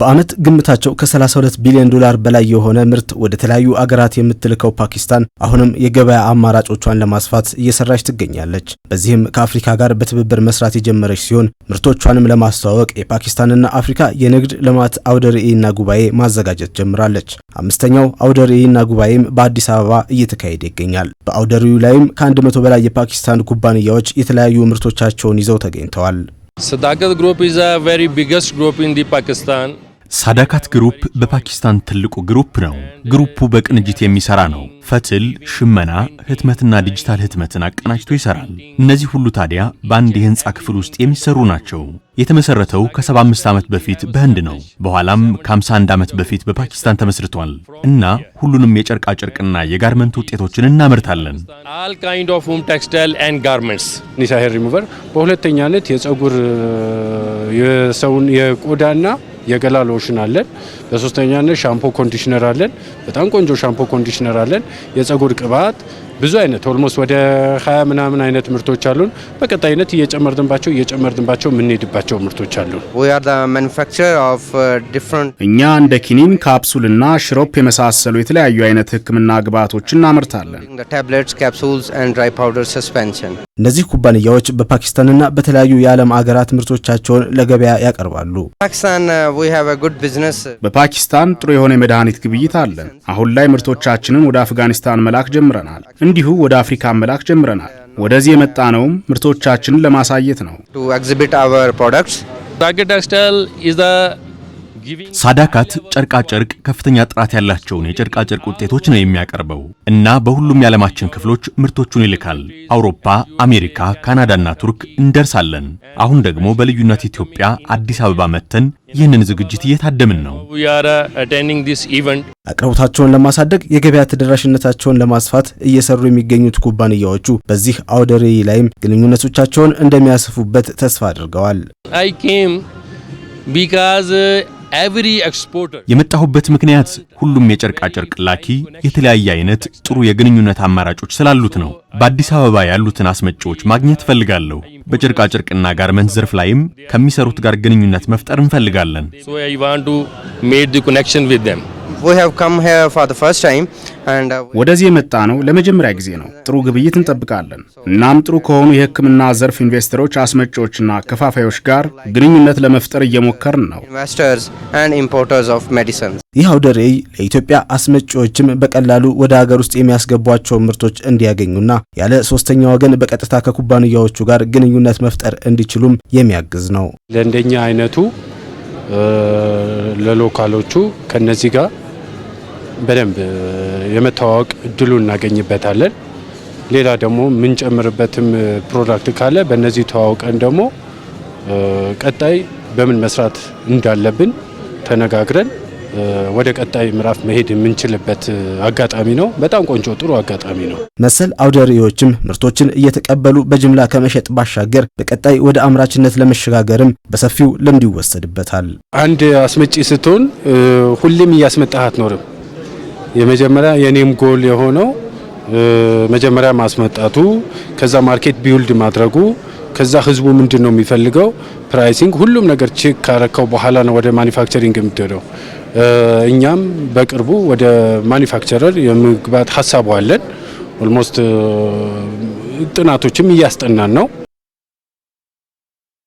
በዓመት ግምታቸው ከ32 ቢሊዮን ዶላር በላይ የሆነ ምርት ወደ ተለያዩ አገራት የምትልከው ፓኪስታን አሁንም የገበያ አማራጮቿን ለማስፋት እየሰራች ትገኛለች። በዚህም ከአፍሪካ ጋር በትብብር መስራት የጀመረች ሲሆን ምርቶቿንም ለማስተዋወቅ የፓኪስታንና አፍሪካ የንግድ ልማት አውደ ርዕይና ጉባኤ ማዘጋጀት ጀምራለች። አምስተኛው አውደ ርዕይና ጉባኤም በአዲስ አበባ እየተካሄደ ይገኛል። በአውደ ርዕዩ ላይም ከአንድ መቶ በላይ የፓኪስታን ኩባንያዎች የተለያዩ ምርቶቻቸውን ይዘው ተገኝተዋል። ሰዳቀት ግሩፕ ኢዝ ዘ ቬሪ ቢገስት ግሩፕ ኢን ፓኪስታን ሳዳካት ግሩፕ በፓኪስታን ትልቁ ግሩፕ ነው። ግሩፑ በቅንጅት የሚሰራ ነው። ፈትል፣ ሽመና፣ ህትመትና ዲጂታል ህትመትን አቀናጅቶ ይሰራል። እነዚህ ሁሉ ታዲያ በአንድ የህንፃ ክፍል ውስጥ የሚሰሩ ናቸው። የተመሰረተው ከ75 ዓመት በፊት በህንድ ነው። በኋላም ከ51 ዓመት በፊት በፓኪስታን ተመስርቷል እና ሁሉንም የጨርቃጨርቅና የጋርመንት ውጤቶችን እናመርታለን። አል ካይንድ ኦፍ ቴክስታይል ኤንድ ጋርመንትስ ሪሙቨር በሁለተኛነት የፀጉር የሰውን የቆዳና የገላ ሎሽን አለን። በሶስተኛነት ሻምፖ ኮንዲሽነር አለን። በጣም ቆንጆ ሻምፖ ኮንዲሽነር አለን። የጸጉር ቅባት ብዙ አይነት ኦልሞስት ወደ 20 ምናምን አይነት ምርቶች አሉን። በቀጣይነት እየጨመርንባቸው እየጨመርንባቸው የምንሄድባቸው ምርቶች አሉን። uh, እኛ እንደ ኪኒን ካፕሱልና ሽሮፕ የመሳሰሉ የተለያዩ አይነት ሕክምና ግብዓቶች እናመርታለን። እነዚህ ኩባንያዎች በፓኪስታንና በተለያዩ የዓለም አገራት ምርቶቻቸውን ለገበያ ያቀርባሉ። uh, በፓኪስታን ጥሩ የሆነ የመድኃኒት ግብይት አለን። አሁን ላይ ምርቶቻችንን ወደ አፍጋኒስታን መላክ ጀምረናል። እንዲሁ ወደ አፍሪካ መላክ ጀምረናል። ወደዚህ የመጣነውም ምርቶቻችንን ለማሳየት ነው። ሳዳካት ጨርቃጨርቅ ከፍተኛ ጥራት ያላቸውን የጨርቃጨርቅ ውጤቶች ነው የሚያቀርበው እና በሁሉም የዓለማችን ክፍሎች ምርቶቹን ይልካል። አውሮፓ፣ አሜሪካ፣ ካናዳና ቱርክ እንደርሳለን። አሁን ደግሞ በልዩነት ኢትዮጵያ አዲስ አበባ መተን ይህንን ዝግጅት እየታደምን ነው። uh, አቅርቦታቸውን ለማሳደግ የገበያ ተደራሽነታቸውን ለማስፋት እየሰሩ የሚገኙት ኩባንያዎቹ በዚህ አውደ ርዕይ ላይም ግንኙነቶቻቸውን እንደሚያስፉበት ተስፋ አድርገዋል። የመጣሁበት ምክንያት ሁሉም የጨርቃጨርቅ ላኪ የተለያየ አይነት ጥሩ የግንኙነት አማራጮች ስላሉት ነው። በአዲስ አበባ ያሉትን አስመጪዎች ማግኘት እፈልጋለሁ። በጨርቃጨርቅና ጋርመንት ዘርፍ ላይም ከሚሰሩት ጋር ግንኙነት መፍጠር እንፈልጋለን። ወደዚህ የመጣ ነው ለመጀመሪያ ጊዜ ነው። ጥሩ ግብይት እንጠብቃለን። እናም ጥሩ ከሆኑ የሕክምና ዘርፍ ኢንቨስተሮች፣ አስመጪዎችና ከፋፋዮች ጋር ግንኙነት ለመፍጠር እየሞከርን ነው። ይህ አውደ ርዕይ ለኢትዮጵያ አስመጪዎችም በቀላሉ ወደ ሀገር ውስጥ የሚያስገቧቸውን ምርቶች እንዲያገኙና ያለ ሶስተኛ ወገን በቀጥታ ከኩባንያዎቹ ጋር ግንኙነት መፍጠር እንዲችሉም የሚያግዝ ነው። ለእንደኛ አይነቱ ለሎካሎቹ ከነዚህ ጋር በደንብ የመተዋወቅ እድሉ እናገኝበታለን። ሌላ ደግሞ የምንጨምርበትም ፕሮዳክት ካለ በእነዚህ ተዋውቀን ደግሞ ቀጣይ በምን መስራት እንዳለብን ተነጋግረን ወደ ቀጣይ ምዕራፍ መሄድ የምንችልበት አጋጣሚ ነው። በጣም ቆንጆ ጥሩ አጋጣሚ ነው። መሰል አውደ ርዕዮችም ምርቶችን እየተቀበሉ በጅምላ ከመሸጥ ባሻገር በቀጣይ ወደ አምራችነት ለመሸጋገርም በሰፊው ልምድ ይወሰድበታል። አንድ አስመጪ ስትሆን ሁሌም እያስመጣህ አትኖርም። የመጀመሪያ የኔም ጎል የሆነው መጀመሪያ ማስመጣቱ፣ ከዛ ማርኬት ቢውልድ ማድረጉ፣ ከዛ ህዝቡ ምንድን ነው የሚፈልገው ፕራይሲንግ፣ ሁሉም ነገር ቼክ ካረከው በኋላ ነው ወደ ማኒፋክቸሪንግ የምትሄደው። እኛም በቅርቡ ወደ ማኒፋክቸረር የመግባት ሀሳቡ አለን። ኦልሞስት ጥናቶችም እያስጠናን ነው።